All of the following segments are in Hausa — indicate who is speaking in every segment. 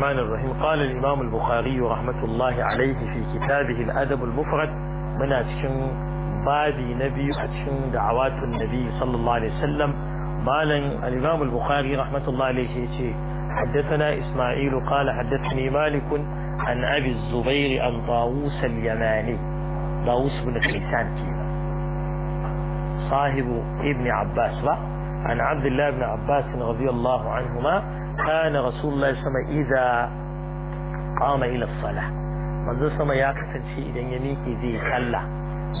Speaker 1: الرحمن الرحيم قال الإمام البخاري رحمة الله عليه في كتابه الأدب المفرد من أتشن بادي نبي أتشن دعوات النبي صلى الله عليه وسلم مالا الإمام البخاري رحمة الله عليه حدثنا إسماعيل قال حدثني مالك عن أبي الزبير عن طاووس اليماني طاووس بن كيسان صاحب ابن عباس عن عبد الله بن عباس رضي الله عنهما كان رسول الله صلى الله عليه وسلم إذا قام إلى الصلاة manzo sama ya kasance idan ya miƙe zai sallah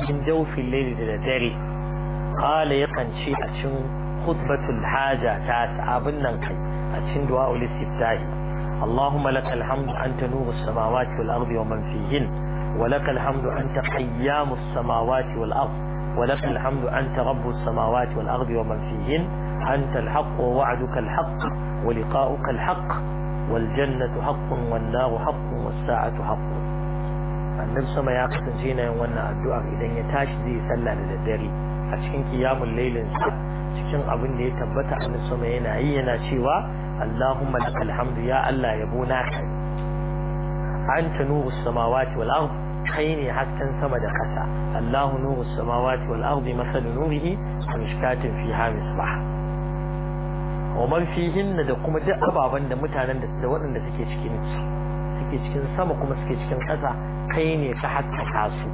Speaker 1: cikin jawfin laili da dare qala ya kance a cikin khutbatul haja ta abin nan kai a cikin du'aul istiftahi اللهم لك الحمد أنت نور السماوات والأرض ومن فيهن ولك الحمد أنت قيام السماوات والأرض ولك الحمد أنت رب السماوات والأرض ومن فيهن أنت الحق ووعدك الحق ولقاؤك الحق والجنة حق والنار حق والساعة حق annabi sama ya kasance na yin wannan addu'ar idan ya tashi zai sallah da daddare a cikin kiyamun lailin sa cikin abin da ya tabbata annabi sama yana yi yana cewa Allahumma lakal hamdu ya Allah yabo na kai anta nuru samawati wal ard kai ne hasken sama da kasa Allahu nuru samawati wal ard masalu nurihi kamishkatin fiha misbah wa man da kuma duk ababan da mutanen da da waɗanda suke cikin suke cikin sama kuma suke cikin ƙasa kai ne ka haskaka su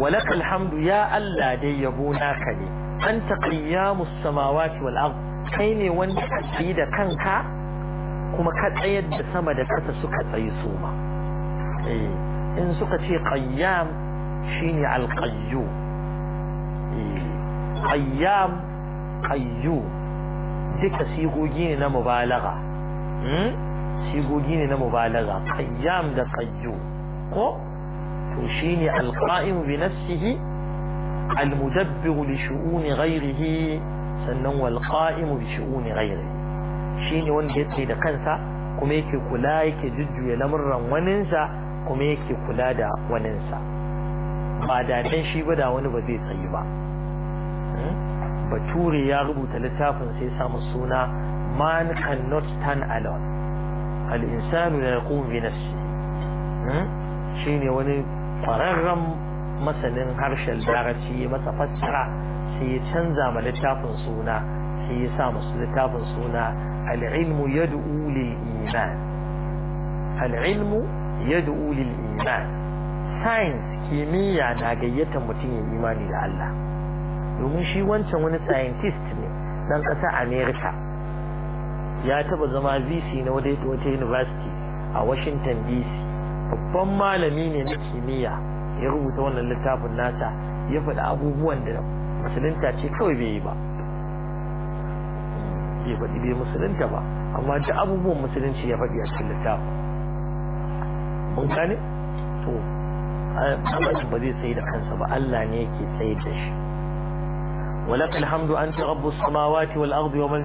Speaker 1: walakal hamdu ya Allah dai yabo naka ne anta qiyamus samawati wal ard kai ne wanda ka da kanka kuma ka tsayar da sama da ƙasa suka tsayi su ma eh, in suka ce qayyam shine al qayyum eh, qayyam qayyu duka sigogi ne na mubalagha hmm? sigogi ne na mubalagha qayyam da qayyu ko to shine alqa'im bi nafsihi li shu'uni ghayrihi sannan walqa'im bi shu'uni ghayrihi shine wanda yake da kansa kuma yake kula yake jujjuya lamurran sa kuma yake kula da sa ba da dan shi ba da wani ba zai tsayi ba bature ya rubuta littafin sai samu suna man cannot stand alone al-insanu la yaqumu bi hmm? shine wani kwararren masanin harshen ya masa fassara sai ya canza ma littafin suna sai ya sa musu littafin suna alilmu ya du'ulil iman al ya yad'u iman science kimiyya na gayyatar mutum ya imani da Allah domin shi wancan wani scientist ne dan kasa america ya taba zama vc na wata university a washington dc babban malami ne na kimiyya ya rubuta wannan littafin nasa ya faɗi abubuwan da musulunta ce kawai bai yi ba ya faɗi bai musulunta ba amma da abubuwan musulunci ya faɗi a cikin littafin mun gane to ba zai sai da kansa ba Allah ne yake sai da shi walaka alhamdu anta rabbus samawati wal ardi wa man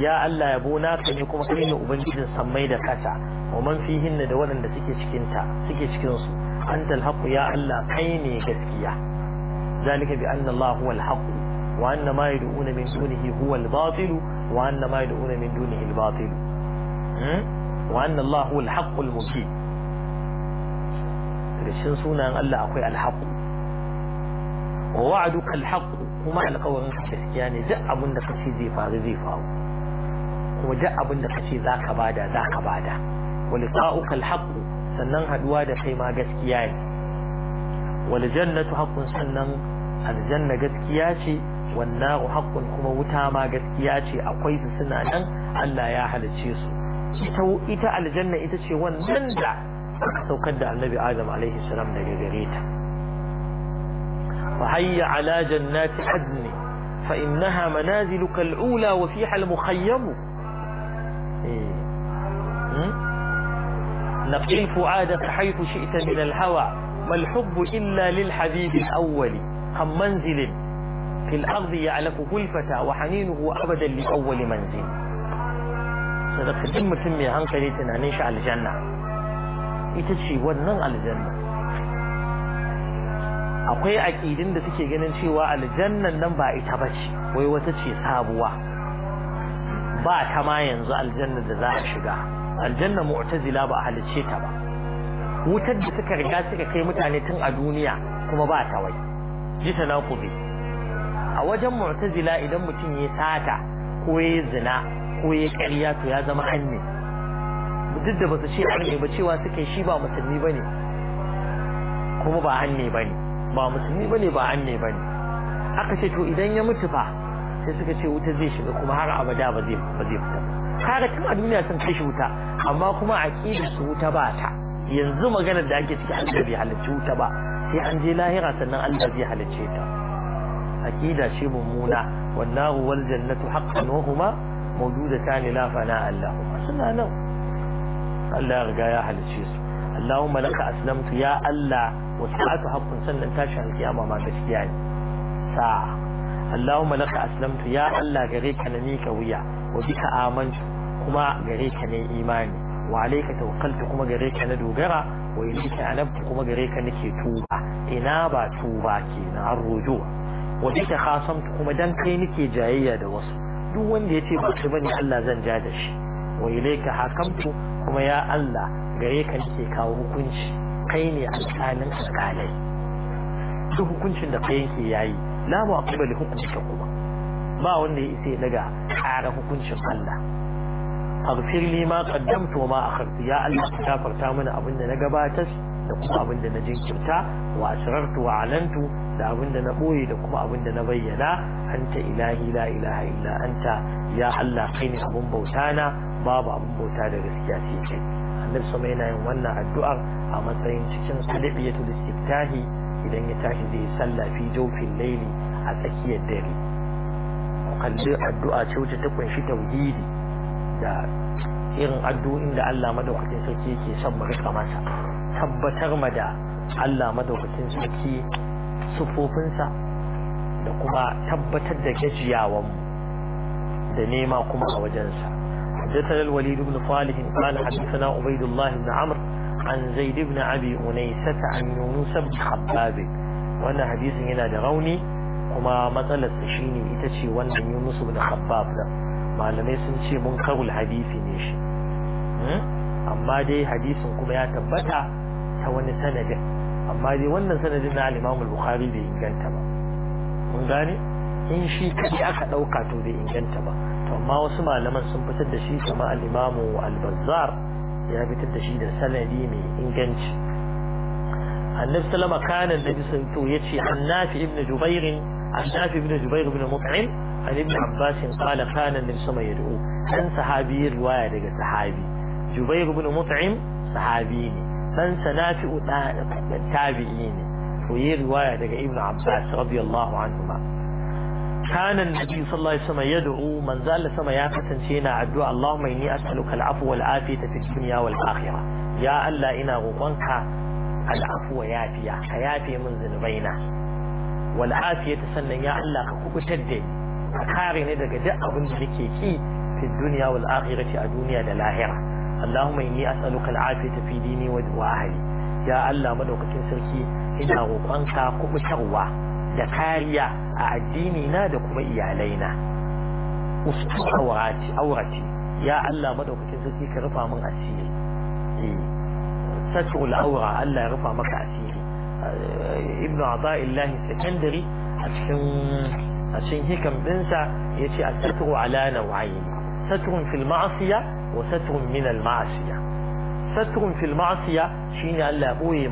Speaker 1: ya Allah yabo naka ne kuma kai ne ubangijin sammai da kasa wa man fihin da waɗanda suke cikin ta suke su anta ya Allah kai ne gaskiya zalika bi anna Allah huwa wa anna ma yad'una min dunihi huwa albatil wa anna ma yad'una min dunihi wa Allah Allah akwai alhaƙu. wa wa'aduka alhaq kuma alƙawarin ka gaskiya ne duk abin da kace zai faru zai faru kuma duk abin da kace zaka bada ka bada wa liqa'uka alhaq sannan haduwa da kai ma gaskiya ne wal jannatu haqqun sannan aljanna gaskiya ce wan naru haqqun kuma wuta ma gaskiya ce akwai su suna nan Allah ya halice su ita aljanna ita ce wannan da saukar da annabi adam alaihi salam daga gare ta وهيا على جنات عدن فإنها منازلك الأولى وفيها المخيم إيه. نقل فؤادك حيث شئت من الهوى ما الحب إلا للحبيب الأول هم منزل في الأرض يعلفه الفتى وحنينه أبدا لأول منزل صدق دم تمي هنكلي تنانيش على الجنة ita ce wannan aljanna akwai aƙidin da suke ganin cewa aljannan nan ba ita ba ce wai wata ce sabuwa ba ta ma yanzu aljanna da za a shiga aljanna mu'tazila ba a halicce ta ba wutar da suka riga suka kai mutane tun a duniya kuma ba ta wai ji ta naƙube a wajen mu'tazila idan mutum ya sata ko ya zina ko ya ƙarya to ya zama hanne duk da ba su ce hanne ba cewa suke shi ba musulmi ba kuma ba hanne ba ne ba musulmi bane ba anne bane aka ce to idan ya mutu fa sai suka ce wuta zai shiga kuma har abada ba zai ba zai fita kaga tun a duniya sun kashe wuta amma kuma a su wuta ba ta yanzu maganar da ake ciki Allah bai halicci wuta ba sai an je lahira sannan Allah zai halicce ta aqida ce mummuna wallahu wal jannatu haqqan wa huma mawjudatan la fana allahumma suna nan Allah ya riga ya halicce su اللهم لك أسلمت يا الله wasu aka haƙun sannan tashi alƙiyama ma gaskiya ne sa Allahumma laka aslamtu ya Allah gare ka na wuya wa bika amantu kuma gare ka ne imani wa alayka tawakkaltu kuma gare ka na dogara wa ilayka anabtu kuma gare ka nake tuba ina ba tuba kenan har rujuwa wa bika kuma dan kai nake jayayya da wasu duk wanda ya ce yace ba kai Allah zan ja da shi wa ilayka hakamtu kuma ya Allah gare ka nake kawo hukunci kai ne alƙalin alƙalai duk hukuncin da ka yanke yayi la mu aqiba li kuma ba wanda ya isa daga ƙara hukuncin Allah
Speaker 2: faghfir li ma
Speaker 1: kaddamto ma akhartu ya Allah ka gafarta mana abin da na gabatar da kuma abin da na jinkirta wa asrartu wa alantu da abin da na boye da kuma abin da na bayyana anta ilahi la ilaha illa anta ya Allah kai ne abin bauta na babu abin bauta da gaskiya sai kai annabi sama yana yin wannan addu'ar a matsayin cikin alibiyatul istiftahi idan ya tashi zai salla fi jawfin a tsakiyar dare kalli addu'a ce wacce ta kunshi tauhidi da irin addu'o'in da Allah madaukakin sarki yake son mu rika masa tabbatar ma da Allah madaukakin sarki sufofinsa da kuma tabbatar da gajiyawan da nema kuma a wajensa حدثنا الوليد بن صالح قال حدثنا عبيد الله بن عمرو عن زيد بن أبي أنيسة عن يونس بن حباب وأنا حديث هنا دغوني وما مثلا تشيني إتشي وأن يونس بن حباب ده ما لم يسنشي منكر الحديث نيشي أما دي حديث كما يتبتع توني سنده أما دي وأن سندنا على الإمام البخاري بإنجان تبا من ذلك in shi kaɗai aka ɗauka to bai inganta ba amma wasu malaman sun fitar da shi kama al-imamu al-bazzar ya fitar da shi da sanadi mai inganci annabi sallama kana annabi sun to yace annafi ibnu jubair annafi ibnu jubair ibn mut'im an ibn abbas qala kana annabi sama yad'u dan sahabi riwaya daga sahabi jubair ibn mut'im sahabi ne dan da tabi'i ne to yi riwaya daga ibnu abbas radiyallahu anhu ma. كان النبي صلى الله عليه وسلم يدعو من زال سما يا كسنشينا الدعاء اللهم إني أسألك العفو والعافية في الدنيا والآخرة يا الله إنا غفنك العفو يافيا كيافي من ذنبينا والعافية سنة يا الله كوكتد أكاري ندق دق من ذكيكي في الدنيا والآخرة الدنيا للآخرة اللهم إني أسألك العافية في ديني وأهلي يا الله مدوكك سركي إنا غفنك كوكتروا da kariya a addini na da kuma iyalaina usku awati awati ya Allah madaukakin sarki ka rufa min asiri eh satrul awra Allah ya rufa maka asiri ibnu illahi sakandari a cikin a cikin hikam din sa yace a ala nawain satrun fil ma'siya wa satrun min al ma'siya satrun fil ma'siya shine Allah ya boye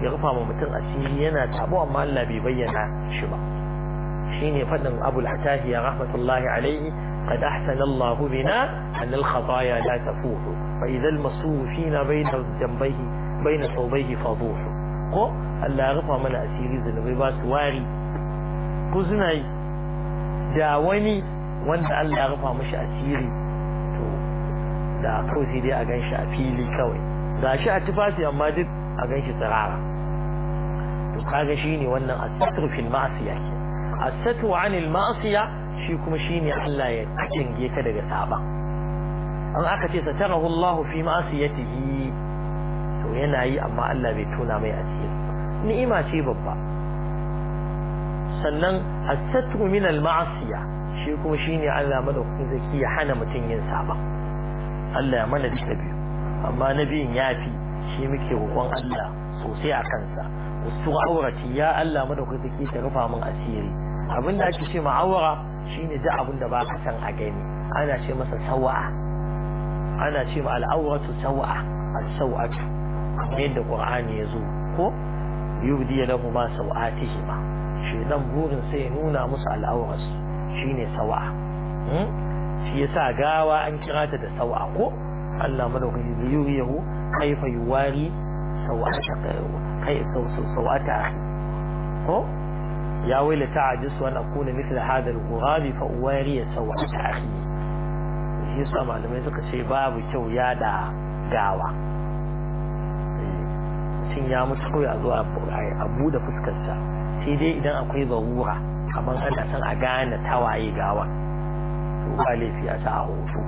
Speaker 1: ya rufa ma mutum asiri yana tabo amma Allah bai bayyana shi ba حين فتن أبو الحتاهية رحمة الله عليه قد أحسن الله بنا أن الخطايا لا تفوح فإذا المصروف فينا بين جنبيه بين صوبيه فضوح قو الله رفع من أسيري ذنبي واري قزني داوني وان الله رفع مش أسيري دا كوزي دي أغنش أفيلي كوي دا شاء تفاسي أما دي أغنش سرارة تقاقشيني وان أستطر في المعصية كي as-satu 'anil ma'asiya shi kuma shine Allah ya kinge ka daga saba an aka ce satarahu Allah fi ma'siyatihi to yana yi amma Allah bai tuna mai asiri ni'ima ce babba sannan as-satu min al-ma'siya shi kuma shine Allah madaukakin zaki ya hana mutum yin saba Allah ya mana da biyu amma nabiyin yafi shi muke roƙon Allah sosai a kansa wasu aurati ya Allah madaukaki ta rufa min asiri abinda ake ce ma'awara shine duk abin da baka san a gani ana ce masa sawa'a ana ce ma al'awratu sawa'a a sawatu kamar yadda qur'ani ya zo ko yubdi lahu ma sawatihima shi dan burin sai ya nuna musu hmm? shi shine sawa'a shi yasa gawa an kira ta da sawa'a ko Allah madaukaki zai yuriyahu yuwari ko يا ويلتى عجزت أن اكون مثل هذا الغراب فأواري سوءة أخي shi sa malamai suka ce babu kyau ya da gawa mutum ya mutu kawai a zo a buɗe fuskarsa sai dai idan akwai zarura kamar Allah san a gane tawaye gawa to ba laifi a sa hoto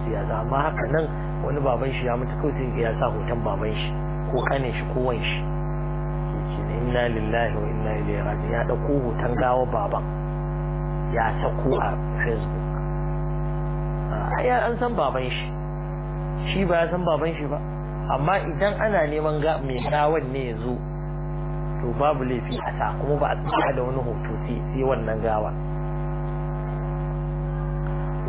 Speaker 1: sai ya zama haka nan wani baban shi ya mutu kawai ya sa hoton baban shi ko kanin shi ko wan shi inna lillahi wa inna ilaihi raji'un ya dauko hoton gawo baban ya sako a facebook a ah, ya an san baban shi shi ba ya san baban shi ba amma idan ana neman ga mai gawan ne ya zo to babu laifi a sa kuma ba a tsaya da wani hoto sai wannan gawa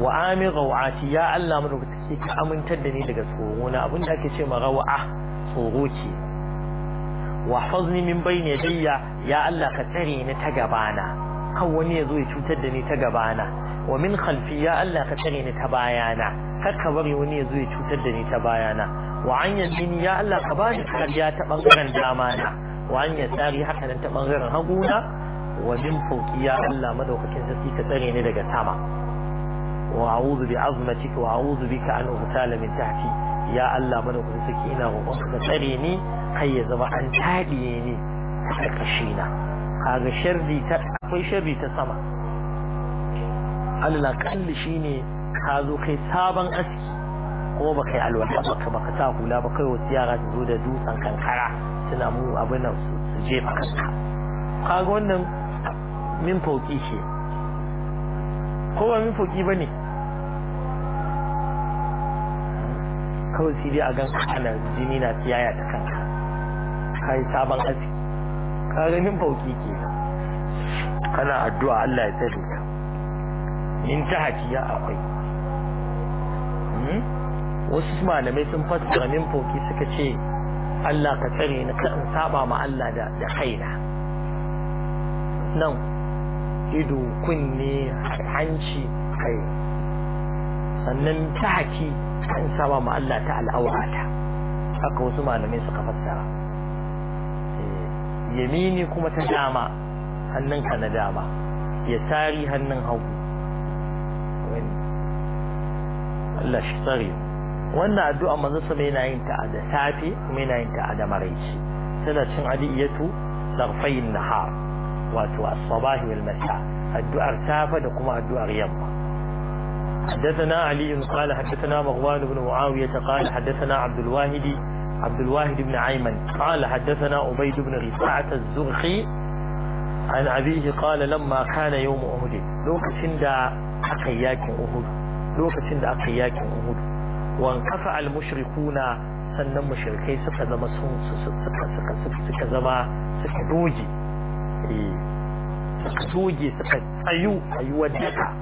Speaker 1: wa ami gawati ya Allah mu da ka amintar da ni daga tsoro na da ake ce ma gawa tsoro ce wahfazni min bayni yadayya ya Allah ka tsare ni ta gabana kan wani ya zo ya cutar da ni ta gabana wa min khalfi ya Allah tsare ni ta bayana kar ka bari wani ya zo ya cutar da ni ta bayana wa an yamini ya Allah bani kariya ta bangaren dama na wa an yasari haka nan haguna wa min fawqi ya tsare ni daga sama wa a'udhu bi azmatika wa ya ina tsare ni kai ya zama an taɗiye ne a ƙarƙashi na kaga sharri ta akwai sharri ta sama Allah kalli shine ka zo kai sabon aski ko ba kai alwala ba ka baka sa hula ba kai wasu yara su zo da dutsen kankara suna mu abin nan su jefa kanka kaga wannan min fauki ce ko ba min fauki ne kawai sai dai a gan kana jini na tsiyaya ta kanka kai sabon ka karamin bauki ke kana addu'a Allah ya tsare ka in ta hakiya akwai hmm? wasu malamai sun fassara min bauki suka ce Allah ka tsare ni ka in saba ma Allah da da kaina nan ido kunne hanci kai sannan ta haki kan saba ma Allah ta al'awata haka wasu malamai suka fassara yamini kuma ta dama hannunka na dama ya tari hannun hagu Allah shi tsari wannan addu'a manzo sama yana yin ta da safe kuma yana yin ta da maraici tana cin adiyatu sarfayin nahar wato as-sabahi wal masa addu'ar safa da kuma addu'ar yamma حدثنا علي قال حدثنا مغوان بن معاوية قال حدثنا عبد الواهدي عبد الواحد بن عيمن قال حدثنا أبيد بن رفاعة الزرخي عن أبيه قال لما كان يوم أهود لو تندى أقياك أهود لو تندى أقياك أهود وانقفع المشركون سنن مشركي سقد مسهم سكزما سكدوجي سكدوجي سكد أيو أيو الدكا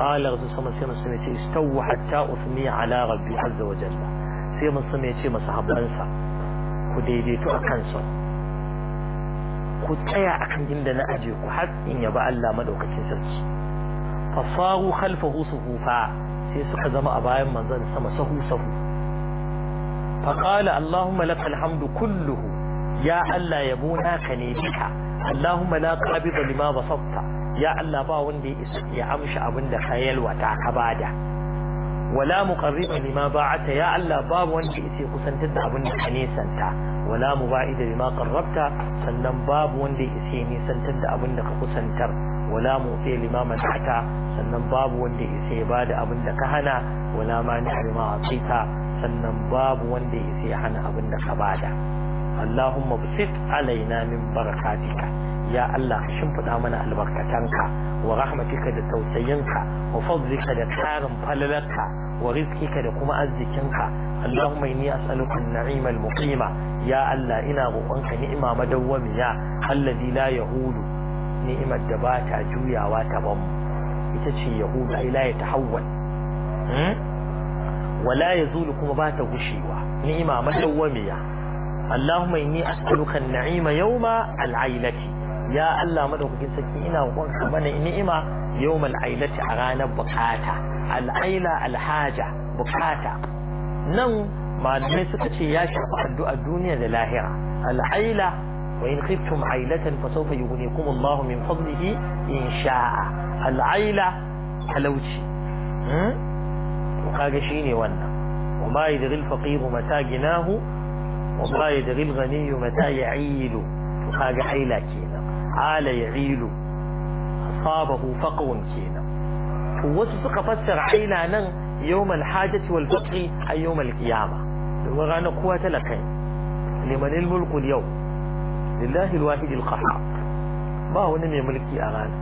Speaker 1: قال رسول الله صلى الله عليه وسلم استوى حتى أثني على ربي عز وجل sai musu ya ce masu habbansa ku daidaito a kansa ku tsaya a kan inda na aje ku har in ba Allah maɗaukacin sarki fasaru khalfahu suhufa sai suka zama a bayan manzon sama sahu sahu faqala allahumma laka alhamdu kulluhu ya Allah yabo naka ne duka allahumma la qabida lima basatta ya Allah ba wanda ya amshi abinda ka yalwata ka bada wala muqarriba lima ba'ata ya Allah babu wanda ya kusantar da abin da ka nesanta wala muba'ida lima ƙarrabta sannan babu wanda yake nesantar da abin da ka kusantar wala mu'ti lima man'ata sannan babu wanda ya bada abin da ka hana wala mani lima atita sannan babu wanda ya hana abin da ka bada Allahumma bisit alaina min barakatika ya Allah ka shimfida mana albarkatanka wa rahmatika da tausayinka wa fadlika da tarin falalarka wa rizqika da kuma arzikinka Allahumma inni as'aluka an-na'ima al-muqima ya Allah ina roƙonka ni'ima madawwamiya allazi la yahulu ni'imar da ba ta juyawa ta ban ita ce yahudu ai la yatahawwal hmm? wala yazulu kuma ba ta gushewa ni'ima madawwamiya Allahumma inni as'aluka an-na'ima yawma al-'ailati ya Allah madaukakin sarki ina roƙonka mana ni'ima yawmal ailati a ranar bukata al'aila alhaja bukata nan malamai suka ce ya shafi addu'a duniya da lahira al'aila wa in khiftum ailatan fa sawfa yughnikum Allahu min fadlihi in sha'a al'aila talauci hmm? to kaga shine wannan wa ma yadri al mata ginahu wa ma yadri al-ghani mata ya'ilu to kaga aila kenan ala ya'ilu asabahu faqwun kenan to wasu suka fassara aila nan yawmal hajati wal faqri a yawmal qiyama domin ranar kowa talakai liman mulku yau lillahi alwahid alqahhar ba wani mai mulki a ranar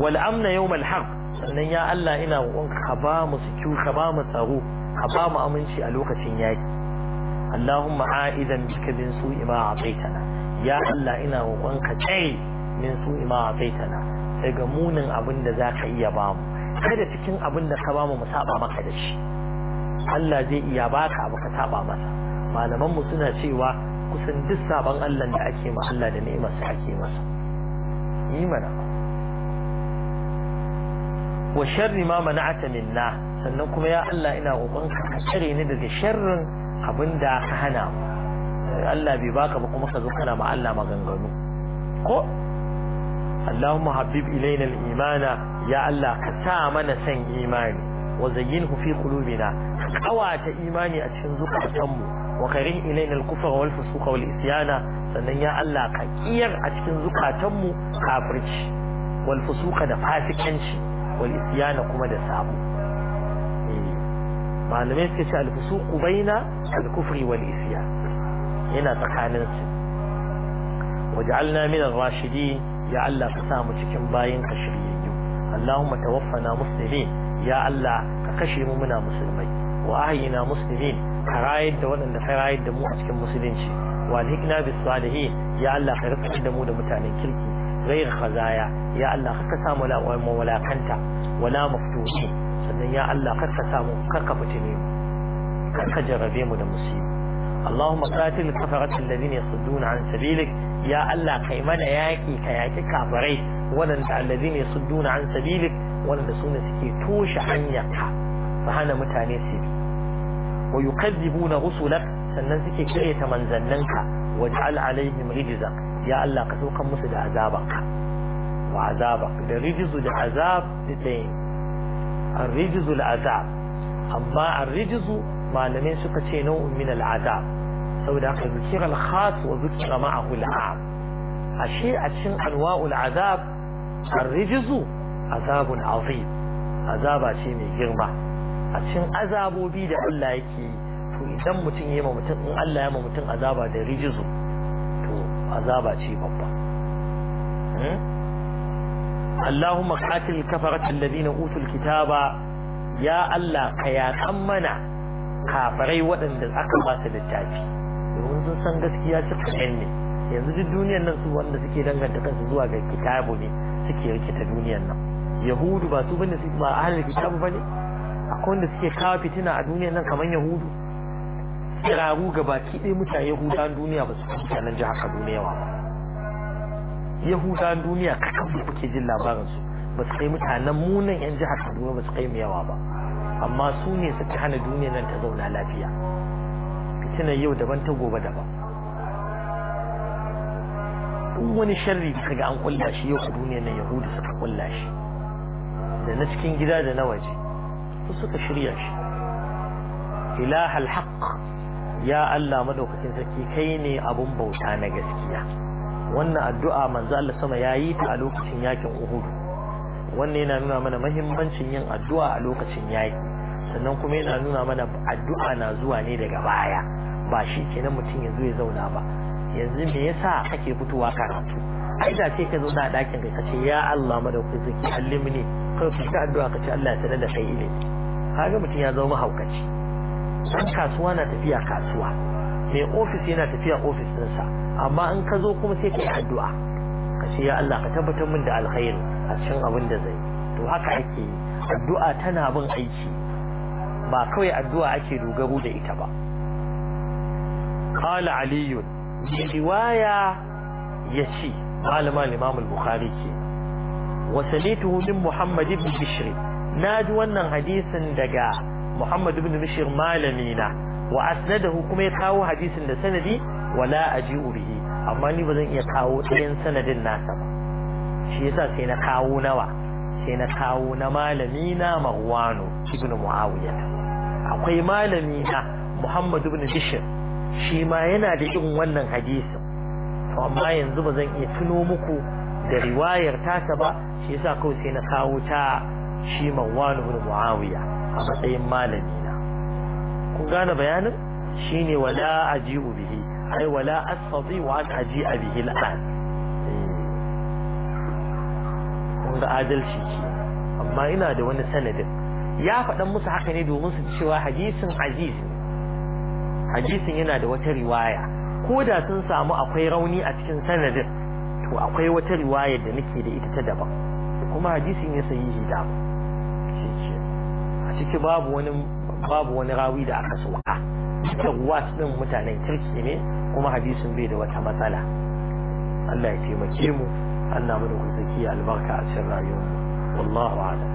Speaker 1: wal amna yawmal harb sannan ya Allah ina roƙonka ka ba mu sikiyu ka ba mu tsaro ka ba mu aminci a lokacin yaki اللهم عائدا بك من سوء ما أعطيتنا ya Allah ina roƙon ka min su ima ataitana daga munin abin da zaka iya bamu kada cikin abin da ka bamu mu saba maka da shi Allah zai iya baka abu ka saba masa malaman mu suna cewa kusan duk saban Allah da ake ma Allah da ni'imar sa ake masa yi mana wa sharri ma mana'ata minna sannan kuma ya Allah ina roƙon ka tsare ni daga sharrin abin da ka hana mu Allah bai baka ba kuma ka zo kana ma Allah maganganu ko Allahumma habib ilaina al-imana ya Allah ka sa mana san imani wa zayyinhu fi qulubina qawata imani a cikin zukatanmu wa karih ilaina al-kufra wal wal isyana sannan ya Allah ka kiyar a cikin zukatanmu kafirci wal fusuqa da fasikanci wal isyana kuma da sabo eh, malamai suka ce al-fusuqu baina al-kufri wal isyan yana tsakaninsu waj'alna min ar-rashidin ya Allah ka samu cikin bayin ka shiryayyu Allahumma tawaffana muslimin ya Allah ka kashe mu muna musulmai wa ahyina muslimin ka rayar da waɗanda ka rayar da mu a cikin musulunci wa alhikna bis salihin ya Allah ka rika da mu da mutanen kirki غير خزايا يا الله كسام ولا ولا كنت ولا مفتونين sannan ya Allah ka samu ka fitine mu ka jarabe mu da musibi Allahumma qatil kafarat alladhina yasudduna an sabilik ya Allah kai mana yaki ka yaki kafirai wadanda alladhina yasudduna an sabilik wanda sune suke toshe hanyarka su hana mutane su bi rusulak sannan suke kireta manzanninka waj'al alaihim rijza ya Allah ka saukan musu da azabanka wa azabak da rijizu da azab da tsaye azab amma أما الرجز malamai suka ce nau'un min al'azab saboda haka zikira al-khas wa zikira ma'ahu al-am ashe a cikin anwa'ul azab ar-rijzu azabun azim azaba ce mai girma a cikin azabobi da Allah yake to idan mutum yayi ma mutum in Allah ya ma mutum azaba da rijzu to azaba ce babba اللهم قاتل الكفرة الذين أوتوا الكتاب يا الله قيا أمنا kafirai waɗanda aka ba su littafi domin sun san gaskiya su ɗan ne yanzu duk duniyar nan su wanda suke danganta kansu zuwa ga kitabu ne suke rikita duniyar nan yahudu ba su bane ba ahlul kitabu bane akwai wanda suke kawo fitina a duniyar nan kamar yahudu kiraru ga baki ɗaya mutane yahudan duniya ba su kuka nan ji haka duniya ba yahudan duniya kakan kuke jin labarinsu ba su kai mutanen munan yan jihar kaduna ba su kai mu yawa ba amma su ne suka hana duniya nan ta zauna lafiya fitinar yau daban ta gobe daban duk wani sharri da ga an kulla shi yau duniya nan yahudu suka kulla shi da na cikin gida da na waje su suka shirya shi ilaha alhaq ya Allah madaukakin sarki kai ne abun bauta na gaskiya wannan addu'a manzo Allah sama yayi ta a lokacin yakin Uhud wannan yana nuna mana mahimmancin yin addu'a a lokacin yayi sannan kuma yana nuna mana addu'a na zuwa ne daga baya ba shi kenan mutum yanzu ya zauna ba yanzu me yasa kake fitowa karatu ai da ce ka zauna a ɗakin ka kace ya Allah madaukakin sarki allimni kai ku ta addu'a kace Allah ya sanar da kai ilimi kaga mutum ya zama haukaci san kasuwa na tafiya kasuwa mai ofis yana tafiya ofis ɗinsa amma in ka zo kuma sai ka yi addu'a kace ya Allah ka tabbatar min da alkhairi a cikin abin da zai to haka ake yi addu'a tana bin aiki ba kawai addu'a ake dogaro da ita ba qala ali riwaya yace malama imam al-bukhari ke wasalituhu min muhammad ibn bishr naji wannan hadisin daga muhammad ibn bishr malami na wa asnadahu kuma ya kawo hadisin da sanadi wala aji'u bihi amma ni bazan iya kawo ɗayan sanadin nasa ba shi yasa sai na kawo nawa sai na kawo na malami na ibn muawiya akwai malami na muhammad ibn bishr shi ma yana da irin wannan hadisin to amma yanzu ba zan iya tuno muku da riwayar tasa ba shi yasa kawai sai na kawo ta shi Marwano ibn muawiya a matsayin malami na kun gane bayanin shine wala ajibu bihi ai wala astati wa ajibu bihi al'an kun ga adalci ce amma ina da wani sanadin ya faɗan musu haka ne domin su cewa hadisin aziz hadisin yana da wata riwaya ko da sun samu akwai rauni a cikin sanadin to akwai wata riwaya da nake da ita ta daban kuma hadisin ya sayi da a ciki babu wani babu wani rawi da aka soka duka ruwa din mutanen kirki ne kuma hadisin bai da wata matsala Allah ya taimake mu أن نعمله زكية البركة على والله أعلم